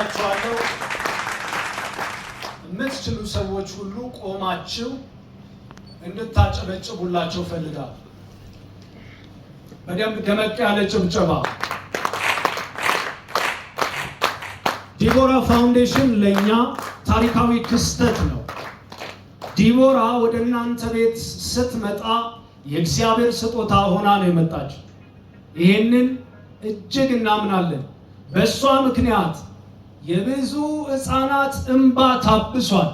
እላችኋለሁ የምትችሉ ሰዎች ሁሉ ቆማችሁ እንድታጨበጭቡላቸው ፈልጋል። በደንብ ደመቅ ያለ ጭብጨባ። ዲቦራ ፋውንዴሽን ለእኛ ታሪካዊ ክስተት ነው። ዲቦራ ወደ እናንተ ቤት ስትመጣ የእግዚአብሔር ስጦታ ሆና ነው የመጣችው። ይህንን እጅግ እናምናለን። በእሷ ምክንያት የብዙ ሕፃናት እንባ ታብሷል።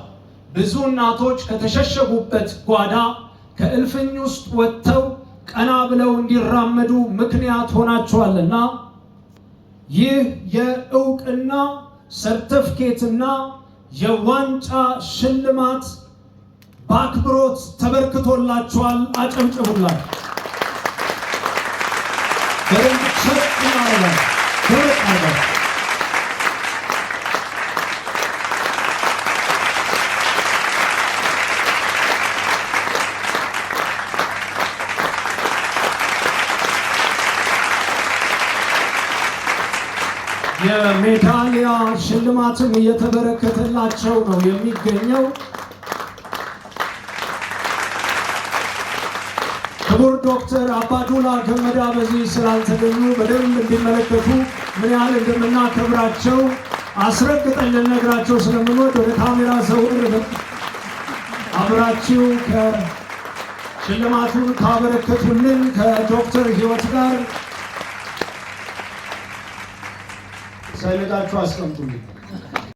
ብዙ እናቶች ከተሸሸጉበት ጓዳ ከእልፍኝ ውስጥ ወጥተው ቀና ብለው እንዲራመዱ ምክንያት ሆናቸዋልና ይህ የእውቅና ሰርተፍኬትና የዋንጫ ሽልማት በአክብሮት ተበርክቶላችኋል። አጨምጭቡላል። በደንብ ሸጥ የሜዳሊያ ሽልማትም እየተበረከተላቸው ነው የሚገኘው። ክቡር ዶክተር አባዱላ ገመዳ በዚህ ስላልተገኙ በደንብ እንዲመለከቱ ምን ያህል እንደምናከብራቸው አስረግጠን ልነግራቸው ስለምንወድ ወደ ካሜራ ዘውር አብራችሁ ከሽልማቱን ካበረከቱልን ከዶክተር ህይወት ጋር Silent, I'll trust come